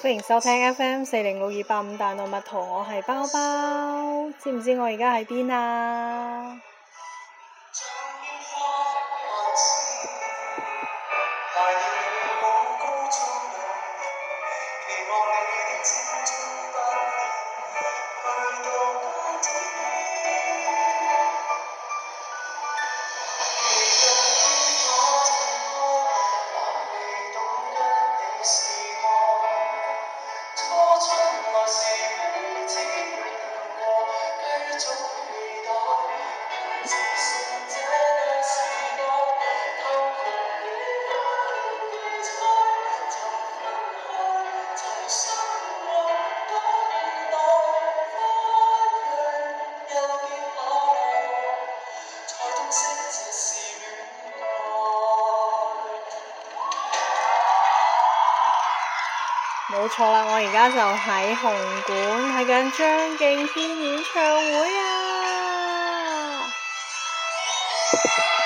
歡迎收聽 FM 四零六二八五，大到蜜桃，我係包包，知唔知我而家喺邊啊？冇錯啦，我而家就喺紅館睇緊張敬軒演唱會啊！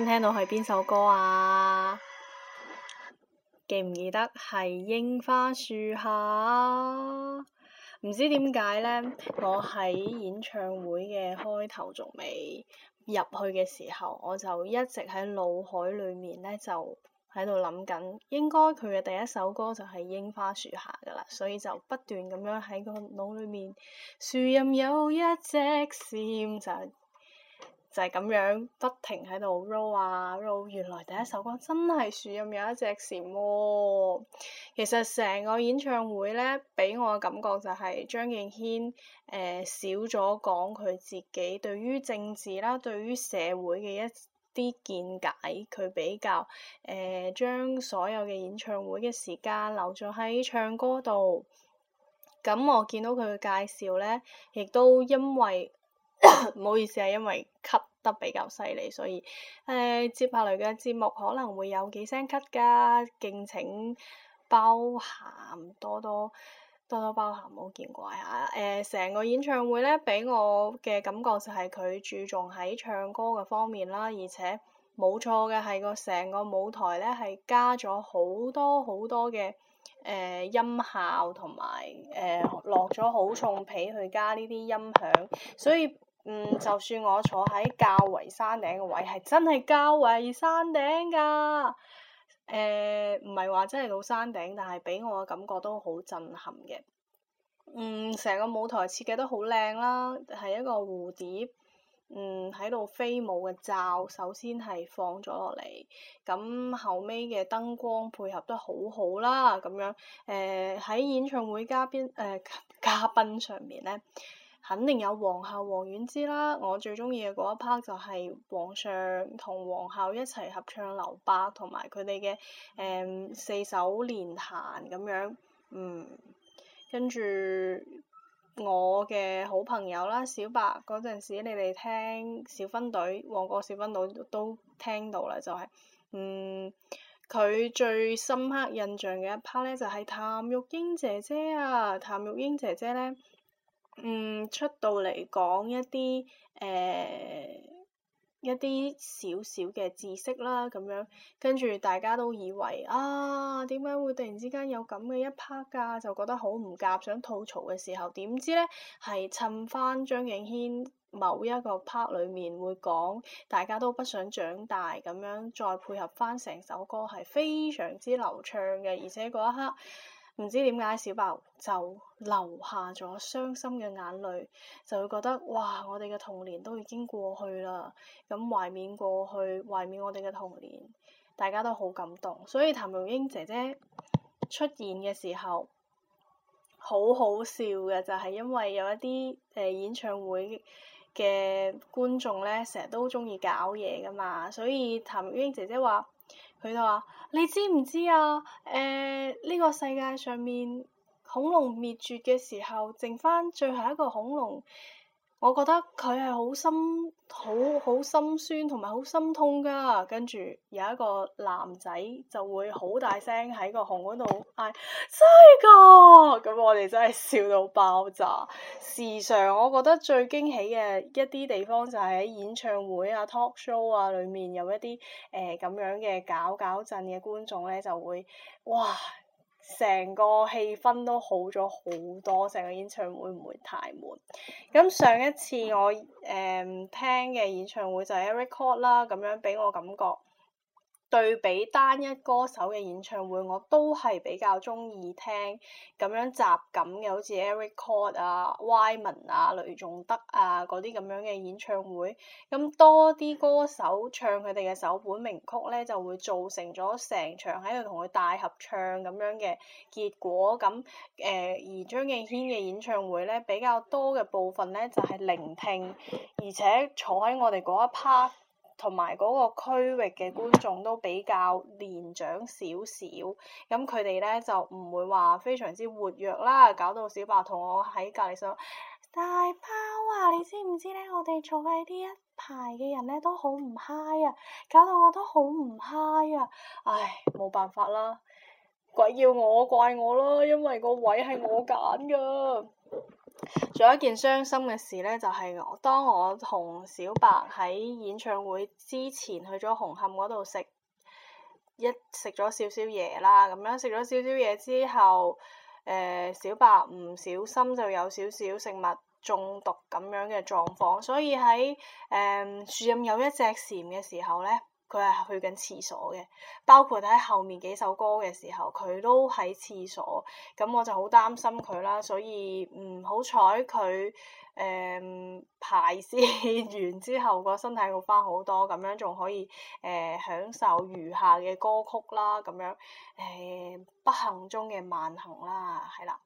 啱聽到係邊首歌啊？記唔記得係櫻花樹下？唔知點解咧，我喺演唱會嘅開頭仲未入去嘅時候，我就一直喺腦海裡面咧，就喺度諗緊，應該佢嘅第一首歌就係櫻花樹下噶啦，所以就不斷咁樣喺個腦裡面樹蔭有一隻蟬。就係咁樣不停喺度 roll 啊 roll，原來第一首歌真係樹蔭有一隻蟬喎。其實成個演唱會呢，畀我嘅感覺就係張敬軒誒、呃、少咗講佢自己對於政治啦，對於社會嘅一啲見解，佢比較誒將、呃、所有嘅演唱會嘅時間留咗喺唱歌度。咁我見到佢嘅介紹呢，亦都因為。唔 好意思啊，因為咳得比較犀利，所以誒、呃，接下嚟嘅節目可能會有幾聲咳㗎，敬請包涵，多多多多包涵，唔好見怪吓。誒、呃，成個演唱會咧，俾我嘅感覺就係佢注重喺唱歌嘅方面啦，而且冇錯嘅係個成個舞台咧係加咗好多好多嘅誒、呃、音效同埋誒落咗好重皮去加呢啲音響，所以。嗯，就算我坐喺較為山頂嘅位，係真係較為山頂㗎。誒、呃，唔係話真係到山頂，但係俾我感覺都好震撼嘅。嗯，成個舞台設計得好靚啦，係一個蝴蝶，嗯喺度飛舞嘅罩，首先係放咗落嚟。咁後尾嘅燈光配合都好好啦，咁樣誒喺、呃、演唱會嘉賓誒、呃、嘉賓上面咧。肯定有皇后王菀之啦，我最中意嘅嗰一 part 就係皇上同皇后一齊合唱劉伯《留白》，嗯，同埋佢哋嘅誒四手連彈咁樣，嗯，跟住我嘅好朋友啦，小白。嗰陣時你哋聽小分隊旺角小分隊都聽到啦，就係嗯佢最深刻印象嘅一 part 咧，就係譚玉英姐姐啊，譚玉英姐姐咧。嗯，出到嚟講一啲誒、呃、一啲少少嘅知識啦，咁樣跟住大家都以為啊，點解會突然之間有咁嘅一 part 噶、啊？就覺得好唔夾，想吐槽嘅時候，點知呢？係趁翻張敬軒某一個 part 裏面會講大家都不想長大咁樣，再配合翻成首歌係非常之流暢嘅，而且嗰一刻。唔知點解小白就流下咗傷心嘅眼淚，就會覺得哇！我哋嘅童年都已經過去啦，咁懷緬過去，懷緬我哋嘅童年，大家都好感動。所以譚玉英姐姐出現嘅時候，好好笑嘅就係、是、因為有一啲誒演唱會嘅觀眾咧，成日都中意搞嘢噶嘛，所以譚玉英姐姐話。佢就話：你知唔知啊？誒，呢個世界上面恐龍滅絕嘅時候，剩翻最後一個恐龍。我覺得佢係好心，好好心酸同埋好心痛噶。跟住有一個男仔就會好大聲喺個紅嗰度嗌真係噶，咁我哋真係笑到爆炸。時常我覺得最驚喜嘅一啲地方就係喺演唱會啊、talk show 啊裡面有一啲誒咁樣嘅搞搞震嘅觀眾咧，就會哇！成個氣氛都好咗好多，成個演唱會唔會太悶。咁上一次我誒、嗯、聽嘅演唱會就係 Eric Chord 啦，咁樣畀我感覺。對比單一歌手嘅演唱會，我都係比較中意聽咁樣集錦嘅，好似 Eric Kwok 啊、Wyman 啊、雷頌德啊嗰啲咁樣嘅演唱會。咁多啲歌手唱佢哋嘅首本名曲咧，就會造成咗成場喺度同佢大合唱咁樣嘅結果。咁、呃、誒，而張敬軒嘅演唱會咧，比較多嘅部分咧就係聆聽，而且坐喺我哋嗰一 part。同埋嗰個區域嘅觀眾都比較年長少少，咁佢哋呢就唔會話非常之活躍啦，搞到小白同我喺隔離室。 大包啊，你知唔知呢？我哋坐喺呢一排嘅人呢都好唔嗨啊，搞到我都好唔嗨啊！唉，冇辦法啦，鬼要我怪我囉，因為個位係我揀噶。仲有一件傷心嘅事呢，就係我當我同小白喺演唱會之前去咗紅磡嗰度食一食咗少少嘢啦，咁樣食咗少少嘢之後，誒、呃、小白唔小心就有少少食物中毒咁樣嘅狀況，所以喺誒樹蔭有一隻蟬嘅時候呢。佢係去緊廁所嘅，包括喺後面幾首歌嘅時候，佢都喺廁所，咁我就好擔心佢啦，所以唔好彩佢誒排泄完之後個身體好翻好多，咁樣仲可以誒、呃、享受餘下嘅歌曲啦，咁樣誒、呃、不幸中嘅萬幸啦，係啦。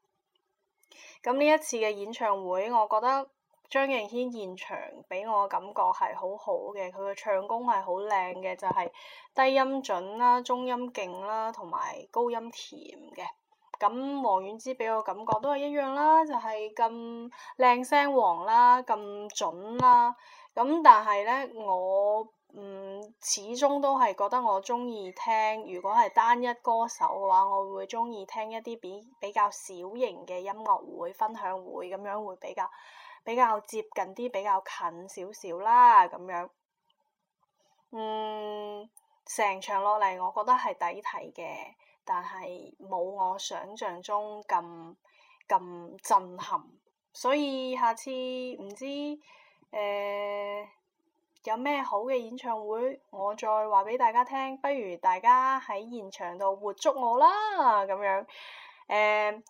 咁呢一次嘅演唱會，我覺得。張敬軒現場俾我感覺係好好嘅，佢嘅唱功係好靚嘅，就係低音準啦、中音勁啦，同埋高音甜嘅。咁王菀之俾我感覺都係一樣啦，就係咁靚聲王啦，咁準啦。咁但係呢，我嗯始終都係覺得我中意聽，如果係單一歌手嘅話，我會中意聽一啲比比較小型嘅音樂會、分享會，咁樣會比較。比較接近啲，比較近少少啦咁樣。嗯，成場落嚟，我覺得係抵睇嘅，但係冇我想象中咁咁震撼。所以下次唔知誒、呃、有咩好嘅演唱會，我再話俾大家聽。不如大家喺現場度活捉我啦咁樣誒。呃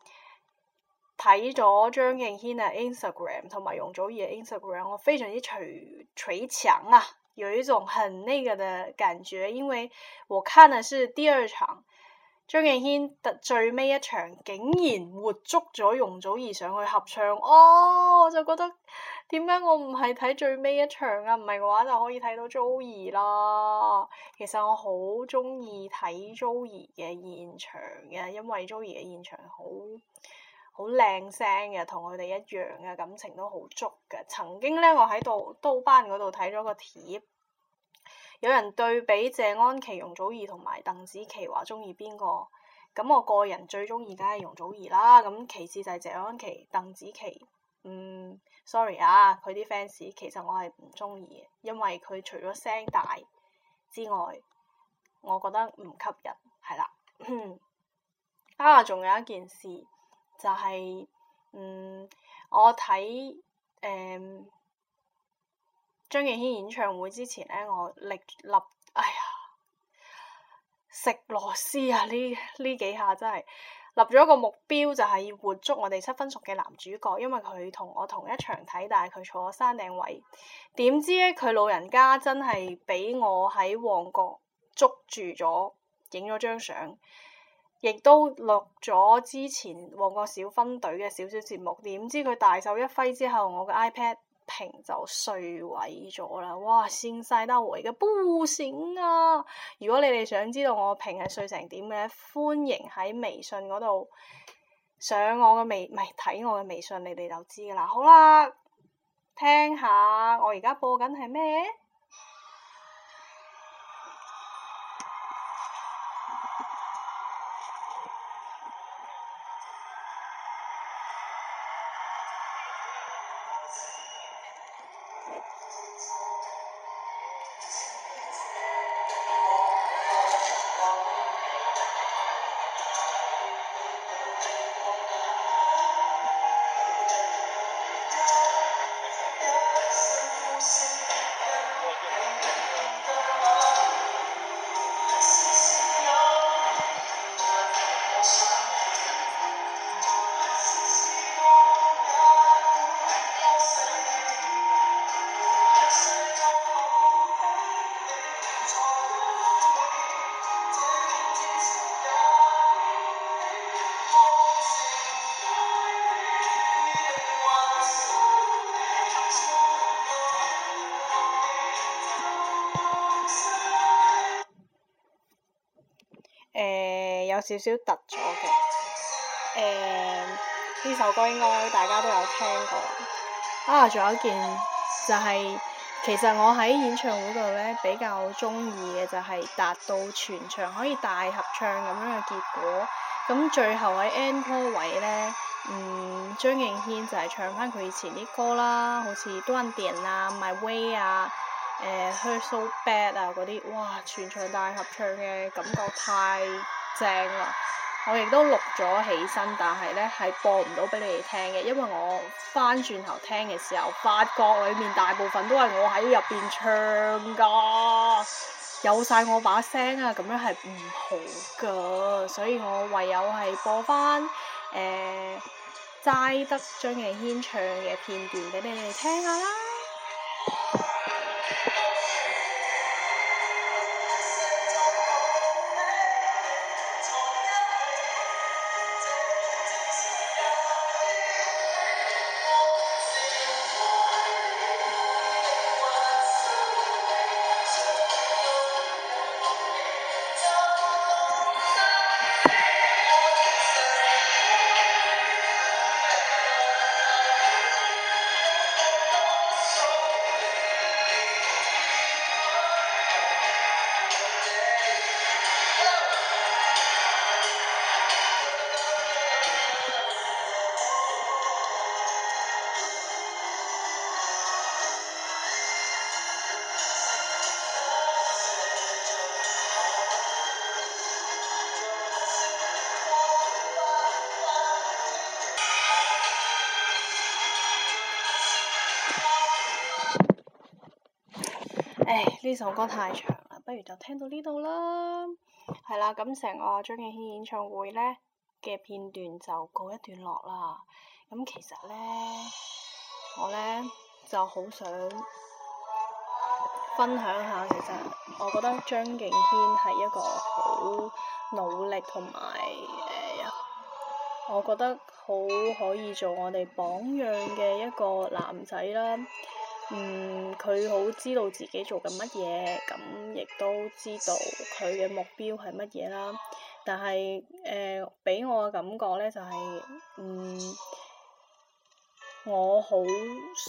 睇咗張敬軒嘅 Instagram 同埋容祖兒嘅 Instagram，我非常之捶捶牆啊！有一種很那個的感覺，因為我看嘅是第二場，張敬軒特最尾一場竟然活捉咗容祖兒上去合唱，哦！我就覺得點解我唔係睇最尾一場啊？唔係嘅話就可以睇到 Joey 啦。其實我好中意睇 Joey 嘅現場嘅，因為祖兒嘅現場好。好靚聲嘅，同佢哋一樣嘅感情都好足嘅。曾經呢，我喺度刀班嗰度睇咗個貼，有人對比謝安琪、容祖兒同埋鄧紫棋，話中意邊個？咁我個人最中意梗係容祖兒啦，咁其次就係謝安琪、鄧紫棋。嗯，sorry 啊，佢啲 fans 其實我係唔中意嘅，因為佢除咗聲大之外，我覺得唔吸引。係啦， 啊，仲有一件事。就係、是，嗯，我睇誒、嗯、張敬軒演唱會之前咧，我立立，哎呀，食螺絲啊！呢呢幾下真係立咗一個目標，就係要活捉我哋七分熟嘅男主角，因為佢同我同一場睇，但係佢坐山頂位，點知咧佢老人家真係俾我喺旺角捉住咗，影咗張相。亦都錄咗之前旺角小分隊嘅小小節目，點知佢大手一揮之後，我嘅 iPad 屏就碎毀咗啦！哇，善晒得回嘅布醒啊！如果你哋想知道我屏係碎成點嘅咧，歡迎喺微信嗰度上我嘅微，唔係睇我嘅微信，你哋就知㗎啦。好啦，聽下我而家播緊係咩？有少少突咗嘅，誒、okay. 呢、uh, 首歌應該大家都有聽過。啊，仲有一件就係、是，其實我喺演唱會度咧比較中意嘅就係達到全場可以大合唱咁樣嘅結果。咁最後喺安哥位咧，嗯，張敬軒就係唱翻佢以前啲歌啦，好似《斷點》啊，《My Way》啊，呃《誒 Hurt So Bad 啊》啊嗰啲，哇！全場大合唱嘅感覺太～正啦，啊，我亦都錄咗起身，但係咧係播唔到俾你哋聽嘅，因為我翻轉頭聽嘅時候，發覺裏面大部分都係我喺入邊唱噶，有晒我把聲啊，咁樣係唔好噶，所以我唯有係播翻誒齋得張敬軒唱嘅片段俾你哋聽下啦。呢首歌太長啦，不如就聽到呢度啦。係啦，咁成個張敬軒演唱會呢嘅片段就告一段落啦。咁其實呢，我呢就好想分享下，其實我覺得張敬軒係一個好努力同埋誒，我覺得好可以做我哋榜樣嘅一個男仔啦。嗯，佢好知道自己做緊乜嘢，咁亦都知道佢嘅目標係乜嘢啦。但係誒，俾、呃、我嘅感覺咧就係、是，嗯，我好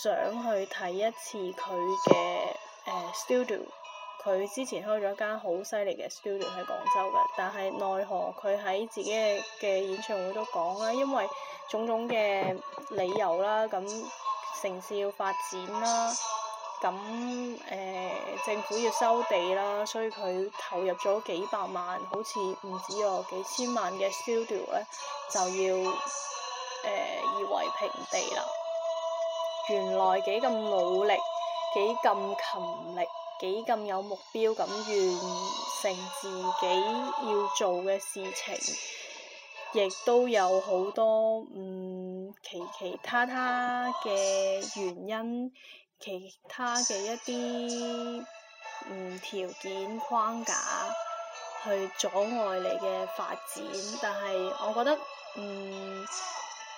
想去睇一次佢嘅誒 studio。佢之前開咗一間好犀利嘅 studio 喺廣州嘅，但係奈何佢喺自己嘅嘅演唱會都講啦，因為種種嘅理由啦，咁。城市要發展啦，咁誒、呃、政府要收地啦，所以佢投入咗幾百萬，好似唔止哦幾千萬嘅 studio 咧，就要誒夷、呃、為平地啦。原來幾咁努力，幾咁勤力，幾咁有目標咁完成自己要做嘅事情，亦都有好多唔～、嗯其其他他嘅原因，其他嘅一啲嗯條件框架，去阻礙你嘅發展。但係我覺得，嗯，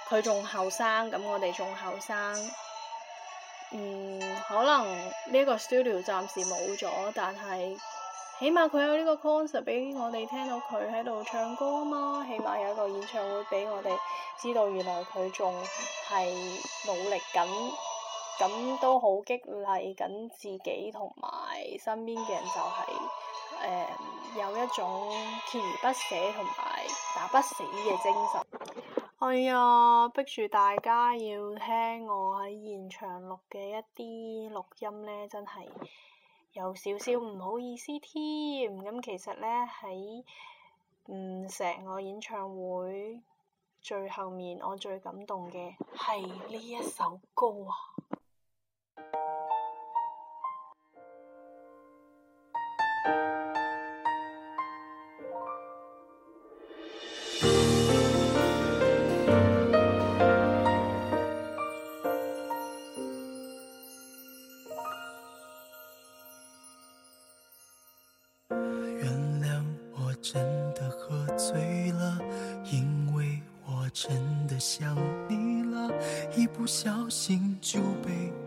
佢仲後生，咁我哋仲後生，嗯，可能呢個 studio 暫時冇咗，但係。起碼佢有呢個 concept 俾我哋聽到佢喺度唱歌啊嘛，起碼有一個演唱會俾我哋知道原來佢仲係努力緊，咁都好激勵緊自己同埋身邊嘅人，就是，就係誒有一種鍥而不捨同埋打不死嘅精神。哎呀，逼住大家要聽我喺現場錄嘅一啲錄音咧，真係～有少少唔好意思添，咁其實咧喺，嗯成個演唱會最後面我最感動嘅係呢一首歌啊。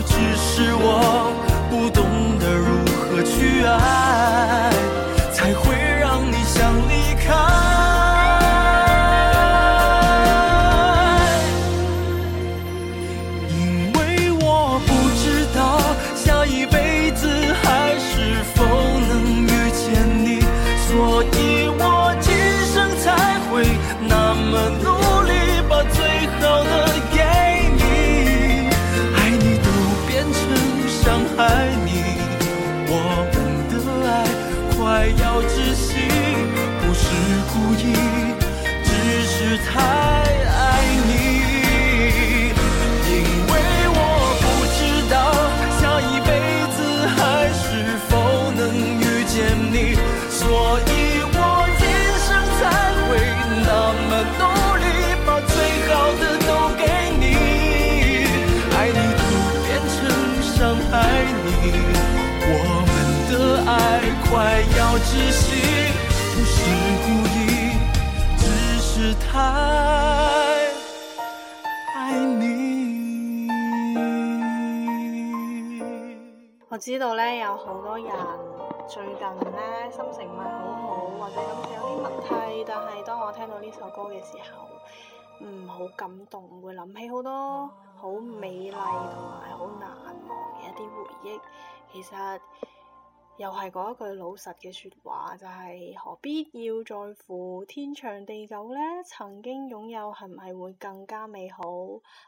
只是我不懂得如何去愛。I, I 我知道咧有好多人最近咧心情唔係好好，或者咁有啲問題。但係當我聽到呢首歌嘅時候，唔好感動，會諗起好多好美麗同埋好難忘嘅一啲回憶。其實。又係嗰一句老實嘅説話，就係何必要在乎天長地久呢？曾經擁有係唔係會更加美好？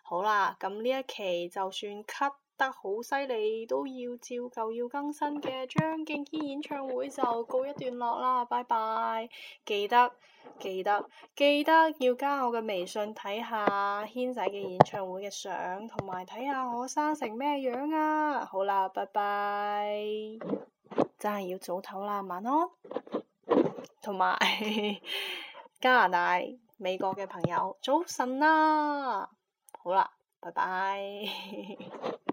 好啦，咁呢一期就算咳得好犀利，都要照舊要更新嘅張敬軒演唱會就告一段落啦！拜拜，記得記得記得要加我嘅微信睇下軒仔嘅演唱會嘅相，同埋睇下我生成咩樣啊！好啦，拜拜。真係要早唞啦，晚安。同埋 加拿大、美國嘅朋友，早晨啦，好啦，拜拜。